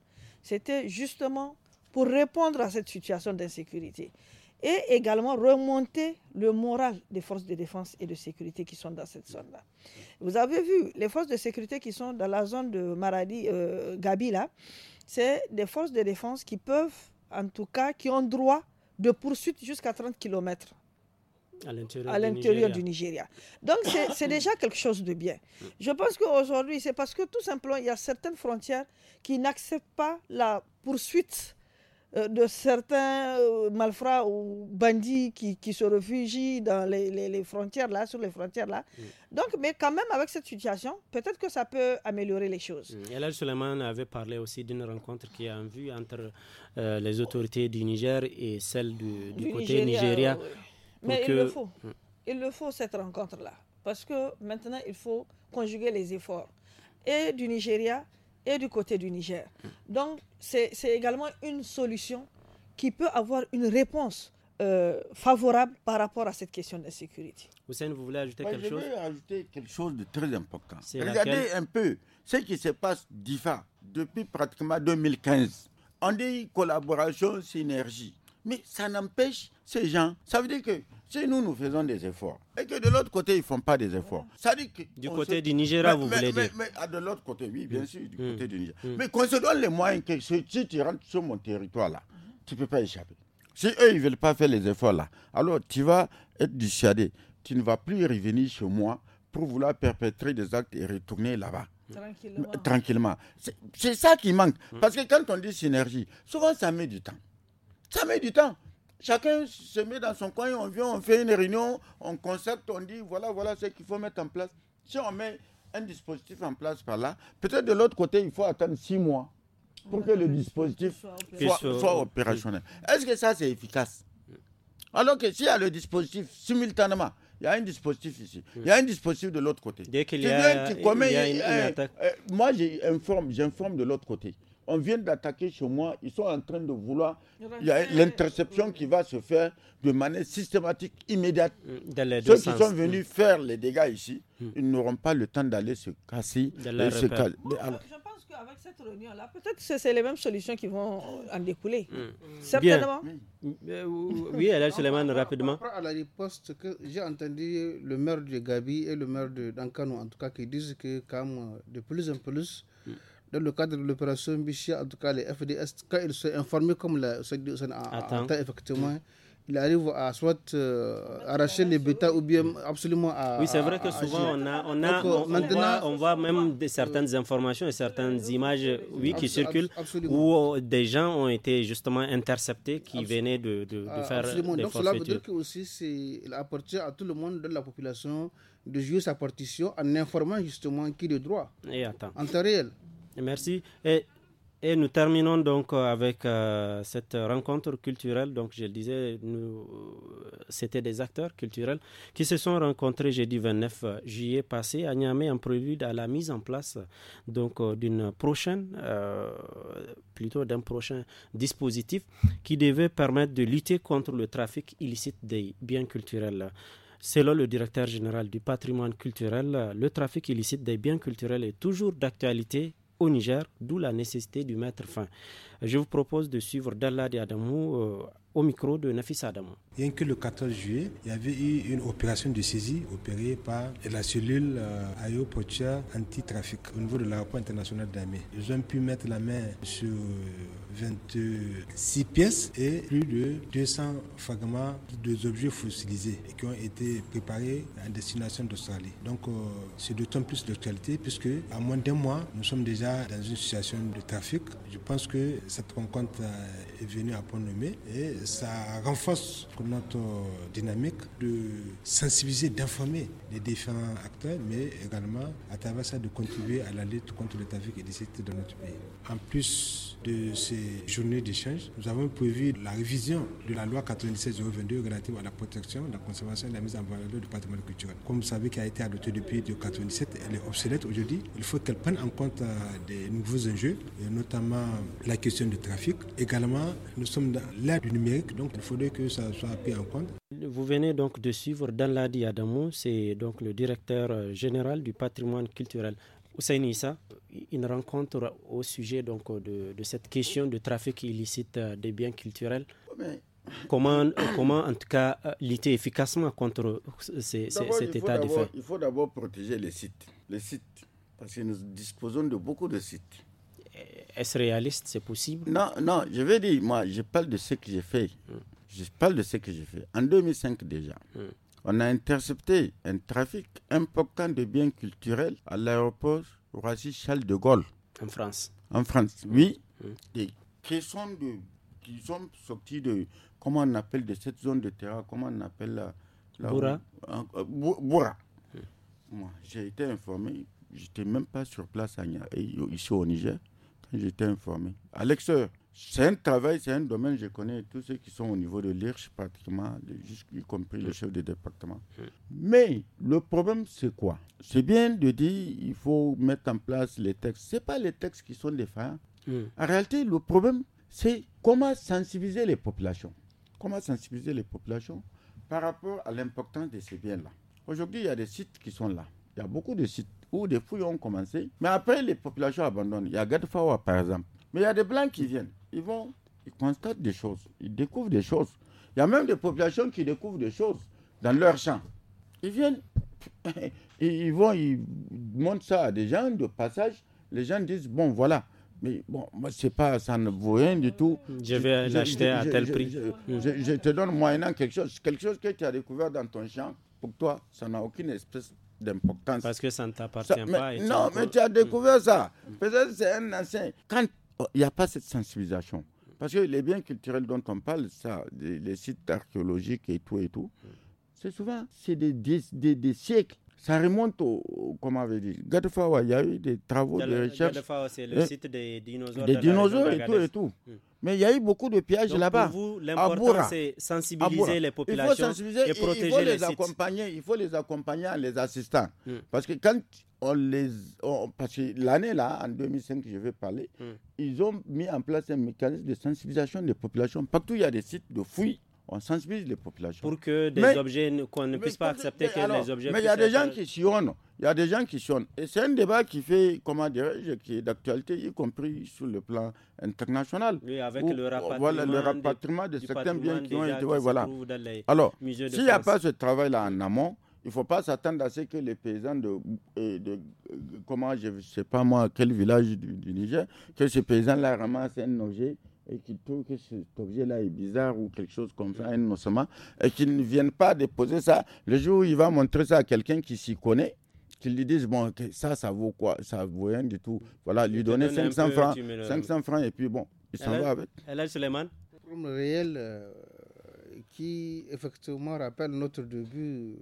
C'était justement pour répondre à cette situation d'insécurité et également remonter le moral des forces de défense et de sécurité qui sont dans cette zone-là. Vous avez vu, les forces de sécurité qui sont dans la zone de Maradi, euh, Gabi, c'est des forces de défense qui peuvent, en tout cas, qui ont droit de poursuite jusqu'à 30 km à l'intérieur du, du, Nigeria. Donc c'est déjà quelque chose de bien. Je pense qu'aujourd'hui, c'est parce que tout simplement, il y a certaines frontières qui n'acceptent pas la poursuite euh, de certains euh, malfrats ou bandits qui, se réfugient dans les, frontières là, sur les frontières là. Mm. Donc, mais quand même avec cette situation, peut-être que ça peut améliorer les choses. Mm. Et là, Suleiman avait parlé aussi d'une rencontre qui est en vue entre euh, les autorités du Niger et celles du, côté Nigeria. Mais il le faut. Mm. Il le faut cette rencontre là. Parce que maintenant, il faut conjuguer les efforts. Et du Nigeria, et du côté du Niger. Donc, c'est également une solution qui peut avoir une réponse euh, favorable par rapport à cette question de sécurité. Hussein, vous voulez ajouter quelque chose Je veux ajouter quelque chose de très important. Regardez un peu ce qui se passe d'IFA depuis pratiquement 2015. On dit collaboration, synergie. Mais ça n'empêche ces gens. Ça veut dire que si nous, nous faisons des efforts. Et que de l'autre côté, ils ne font pas des efforts. Ça dire que du côté du Nigeria, vous voulez mais, dire mais, de l'autre côté, oui, bien mm. sûr, du côté mm. du Nigeria. Mm. Mais qu'on se donne les moyens que si tu rentres sur mon territoire-là, tu ne peux pas échapper. Si eux, ils ne veulent pas faire les efforts-là, alors tu vas être dissuadé. Tu ne vas plus revenir chez moi pour vouloir perpétrer des actes et retourner là-bas. Tranquillement. C'est ça qui manque. Parce que quand on dit synergie, souvent ça met du temps. Ça met du temps. Chacun se met dans son coin, on vient, on fait une réunion, on concepte, on dit voilà, voilà ce qu'il faut mettre en place. Si on met un dispositif en place par là, peut-être de l'autre côté, il faut attendre six mois pour que le dispositif soit, opérationnel. Est-ce que ça, c'est efficace Alors que s'il y a le dispositif simultanément, il y a un dispositif ici, il y a un dispositif de l'autre côté. Dès qu'il y, a une, euh, moi, j'informe de l'autre côté on vient d'attaquer chez moi, ils sont en train de vouloir. Il y a l'interception qui va se faire de manière systématique, immédiate. Euh, Ceux qui sont venus faire les dégâts ici, hmm. ils n'auront pas le temps d'aller se casser. Se je pense qu'avec cette réunion-là, peut-être que c'est les mêmes solutions qui vont en découler. Hmm. Certainement. Oui, Alain Suleiman, rapidement. Après, à la riposte, j'ai entendu le maire de Gabi et le maire d'Ankano, en tout cas, qui disent que, comme de plus en plus, dans le cadre de l'opération Bichia, en tout cas les FDS, quand ils sont informés comme le Sénat a fait effectivement, il arrive à soit euh, arracher les bêtas ou bien absolument à. Oui, c'est vrai que souvent on a, on, a, euh, maintenant, on, voit, même certaines euh, informations et certaines images oui, qui circulent où des gens ont été justement interceptés qui venaient de, de, faire absolument. Donc cela veut dire que aussi il appartient à tout le monde de la population de jouer sa partition en informant justement qui est de droit et attends. en temps réel. Merci. Et, nous terminons donc euh, avec euh, cette rencontre culturelle. Donc, je le disais, euh, c'était des acteurs culturels qui se sont rencontrés jeudi 29 juillet passé à Niamey en prélude à la mise en place donc d'une prochaine, plutôt d'un prochain dispositif qui devait permettre de lutter contre le trafic illicite des biens culturels. Selon le directeur général du patrimoine culturel, le trafic illicite des biens culturels est toujours d'actualité au Niger, d'où la nécessité de mettre fin. Je vous propose de suivre Dalla de Adamou euh, au micro de Nafis Adamou. Bien que le 14 juillet, il y avait eu une opération de saisie opérée par la cellule euh, Ayo Anti-Trafic au niveau de l'aéroport international d'Amé. Ils ont pu mettre la main sur euh, 26 pièces et plus de 200 fragments objets fossilisés qui ont été préparés à destination d'Australie. Donc euh, c'est d'autant plus d'actualité puisque à moins d'un mois, nous sommes déjà dans une situation de trafic. Je pense que cette rencontre euh, est venue à point nommé et ça renforce notre euh, dynamique de sensibiliser, d'informer les différents acteurs, mais également à travers ça de contribuer à la lutte contre le trafic et les illicite dans notre pays. En plus, de ces journées d'échange, nous avons prévu la révision de la loi 96 022 relative à la protection, la conservation et la mise en valeur du patrimoine culturel. Comme vous savez, qui a été adoptée depuis 1997, elle est obsolète aujourd'hui. Il faut qu'elle prenne en compte euh, des nouveaux enjeux, notamment la question du trafic. Également, nous sommes dans l'ère du numérique, donc il faudrait que ça soit pris en compte. Vous venez donc de suivre Danladi Adamou, c'est donc le directeur euh, général du patrimoine culturel. Hussein Issa, une rencontre au sujet donc, de, cette question de trafic illicite euh, des biens culturels. Comment, comment, en tout cas, euh, lutter efficacement contre cet état de fait Il faut d'abord protéger les sites. Les sites, parce que nous disposons de beaucoup de sites. Est-ce réaliste C'est possible Non, non, je vais dire, moi, je parle de ce que j'ai fait. Hmm. Je parle de ce que j'ai fait. En 2005 déjà. Hmm. On a intercepté un trafic important de biens culturels à l'aéroport Roissy Charles de Gaulle. En France. En France, oui. Mmh. Des de, qui sont sortis de, comment on appelle, de cette zone de terrain, comment on appelle la. Hein, euh, Boura. Moi, j'ai été informé, j'étais même pas sur place à, ici au Niger, quand j'étais informé. Alexeur, c'est un travail, c'est un domaine, je connais tous ceux qui sont au niveau de l'IRCH, pratiquement, y compris le chef de département. Mais le problème, c'est quoi C'est bien de dire il faut mettre en place les textes. Ce pas les textes qui sont des Mm. En réalité, le problème, c'est comment sensibiliser les populations. Comment sensibiliser les populations par rapport à l'importance de ces biens-là. Aujourd'hui, il y a des sites qui sont là. Il y a beaucoup de sites où des fouilles ont commencé, mais après, les populations abandonnent. Il y a Gadfawa, par exemple. Mais il y a des Blancs qui viennent ils vont, ils constatent des choses, ils découvrent des choses. Il y a même des populations qui découvrent des choses dans leur champ. Ils viennent, ils vont, ils montrent ça à des gens de passage. Les gens disent bon voilà, mais bon moi c'est pas, ça ne vaut rien du tout. Je vais l'acheter à tel prix. Je, te donne moyennant quelque chose, quelque chose que tu as découvert dans ton champ. Pour toi, ça n'a aucune espèce d'importance. Parce que ça ne t'appartient pas. non, mais tu as découvert ça. Peut-être c'est un ancien. Quand Oh, il n'y a pas cette sensibilisation. Parce que les biens culturels dont on parle, ça, les, sites archéologiques et tout et tout, c'est souvent c'est des, siècles. Ça remonte au, comment avait dit, il y a eu des travaux de recherche. c'est le hein? site des dinosaures. et tout et tout. Hmm. Mais il y a eu beaucoup de pièges là-bas. Pour vous, l'important, c'est sensibiliser les populations et protéger il faut les, accompagner. Il faut les accompagner en les assistant. Hmm. Parce que quand on les... parce que l'année là, en 2005, je vais parler, hmm. ils ont mis en place un mécanisme de sensibilisation des populations. Partout, il y a des sites de fouilles on sensibilise les populations. Pour que des objets qu'on ne puisse pas accepter que les objets. Mais il y a des gens euh, qui sillonnent. Il y a des gens qui sillonnent. Et c'est un débat qui fait, comment dirais-je, qui est d'actualité, y compris sur le plan international. Oui, avec le rapatriement, le rapatriement de, certains biens qui ont été. voilà. Alors, s'il n'y a pas ce travail-là en amont, il ne faut pas s'attendre à ce que les paysans de, comment, je ne sais pas moi, quel village du, du Niger, que ces paysans-là ramassent un objet et qu'ils trouvent que cet objet-là est bizarre ou quelque chose comme ça, innocemment, et qu'ils ne viennent pas déposer ça. Le jour où il va montrer ça à quelqu'un qui s'y connaît, qu'il lui dise, bon, ça, ça vaut quoi Ça vaut rien du tout. Voilà, lui donner 500 francs, 500 francs, et puis bon, il s'en va avec. Elle Suleiman Problème réel euh, qui, effectivement, rappelle notre début,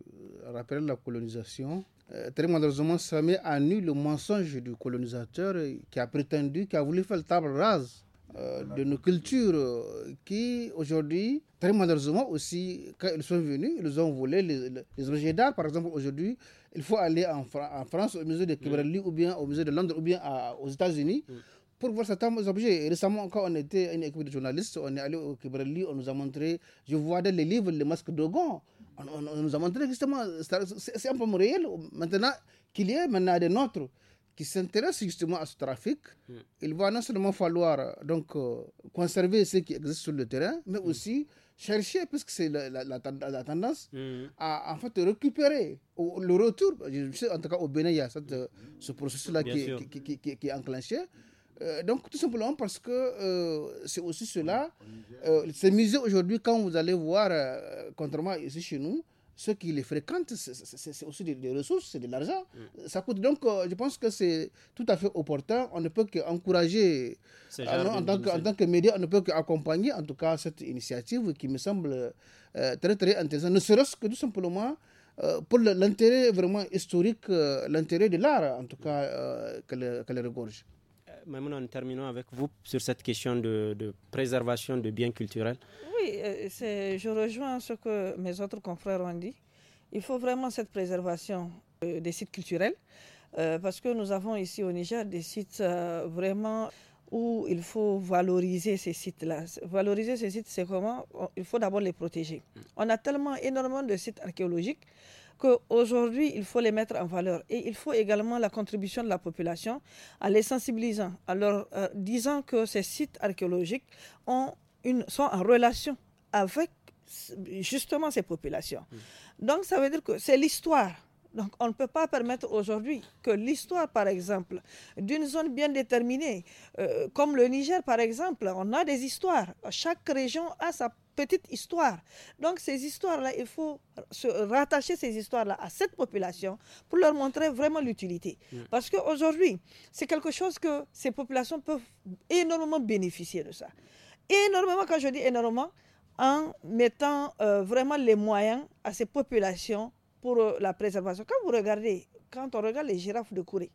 euh, rappelle la colonisation. Euh, très malheureusement, ça met à nu le mensonge du colonisateur qui a prétendu, qu'il a voulu faire le table rase euh, de nos cultures euh, qui, aujourd'hui, très malheureusement aussi, quand ils sont venus, ils ont volé les, objets d'art. Par exemple, aujourd'hui, il faut aller en, France au musée de Kimberley mm. ou bien au musée de Londres ou bien aux États-Unis. Mm. pour voir certains objets. Récemment quand on était une équipe de journalistes, on est allé au Kibrali, on nous a montré, je vois dans les livres, les masques de On, on, nous a montré justement, c'est un peu réel maintenant qu'il y ait maintenant des nôtres qui s'intéresse justement à ce trafic, hmm. il va non seulement falloir donc euh, conserver ce qui existe sur le terrain, mais hmm. aussi chercher, puisque c'est la, tendance, hmm. à en fait récupérer le retour. en tout cas, au Bénin, il y a ce processus-là qui, est enclenché. Euh, donc, tout simplement parce que euh, c'est aussi cela. ces musées aujourd'hui, quand vous allez voir, contrairement ici chez nous, ceux qui les fréquentent, c'est aussi des, ressources, c'est de l'argent. Mm. Ça coûte. Donc, euh, je pense que c'est tout à fait opportun. On ne peut qu'encourager, euh, en, tant que, en tant que média, on ne peut qu'accompagner, en tout cas, cette initiative qui me semble euh, très, très intéressante. Ne serait-ce que tout simplement pour l'intérêt vraiment historique, l'intérêt de l'art, en tout cas, qu'elle regorge. Mamoun, en terminant avec vous sur cette question de, préservation de biens culturels. Oui, euh, je rejoins ce que mes autres confrères ont dit. Il faut vraiment cette préservation euh, des sites culturels euh, parce que nous avons ici au Niger des sites vraiment où il faut valoriser ces sites-là. Valoriser ces sites, c'est comment Il faut d'abord les protéger. Mm. On a tellement énormément de sites archéologiques qu'aujourd'hui, il faut les mettre en valeur. Et il faut également la contribution de la population en les sensibilisant, en leur euh, disant que ces sites archéologiques ont une, sont en relation avec justement ces populations. Mm. Donc ça veut dire que c'est l'histoire. Donc on ne peut pas permettre aujourd'hui que l'histoire, par exemple, d'une zone bien déterminée, euh, comme le Niger, par exemple, on a des histoires. Chaque région a sa petite histoire. Donc ces histoires-là, il faut se rattacher ces histoires-là à cette population pour leur montrer vraiment l'utilité. Parce qu'aujourd'hui, c'est quelque chose que ces populations peuvent énormément bénéficier de ça. Énormément, quand je dis énormément, en mettant euh, vraiment les moyens à ces populations pour euh, la préservation. Quand vous regardez, quand on regarde les girafes de Corée,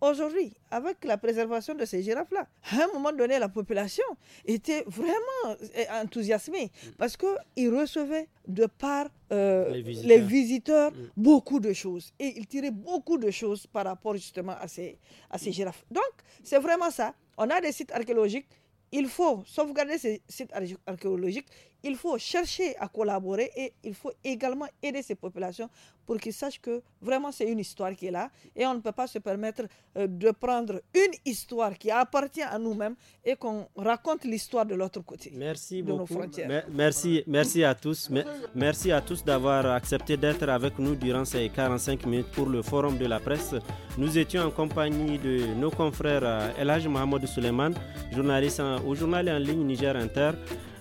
Aujourd'hui, avec la préservation de ces girafes-là, à un moment donné, la population était vraiment euh, enthousiasmée mm. parce qu'ils recevaient de par euh, les visiteurs, mm. beaucoup de choses et ils tiraient beaucoup de choses par rapport justement à ces, à ces mm. girafes. Donc, c'est vraiment ça. On a des sites archéologiques il faut sauvegarder ces sites archéologiques, il faut chercher à collaborer et il faut également aider ces populations pour qu'ils sachent que vraiment c'est une histoire qui est là et on ne peut pas se permettre euh, de prendre une histoire qui appartient à nous-mêmes et qu'on raconte l'histoire de l'autre côté. Merci beaucoup. Nos frontières. Merci, merci à tous. Merci à tous d'avoir accepté d'être avec nous durant ces 45 minutes pour le forum de la presse. Nous étions en compagnie de nos confrères euh, Elhaj Mohamed Suleiman, journaliste au journal en ligne Niger Inter.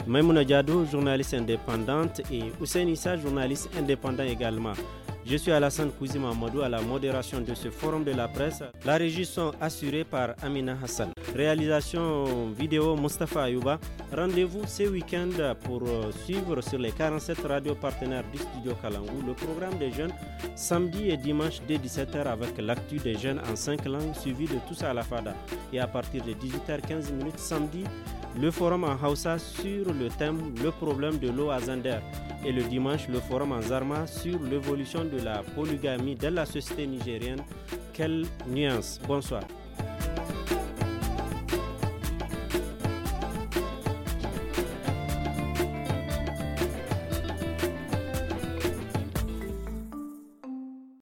Maimouna Diadou, journaliste indépendante, et Hussein Issa, journaliste indépendant également. Je suis Alassane Kouzima Mamadou à la modération de ce forum de la presse. La régie sont assurée par Amina Hassan. Réalisation vidéo Mustafa Ayouba. Rendez-vous ce week-end pour euh, suivre sur les 47 radios partenaires du studio Kalangou le programme des jeunes samedi et dimanche dès 17h avec l'actu des jeunes en 5 langues suivi de tous à la FADA. Et à partir de 18h15 samedi, le forum en Hausa sur le thème Le problème de l'eau à Zander. Et le dimanche, le forum en Zarma sur l'évolution de la polygamie dans la société nigérienne. Quelle nuance Bonsoir.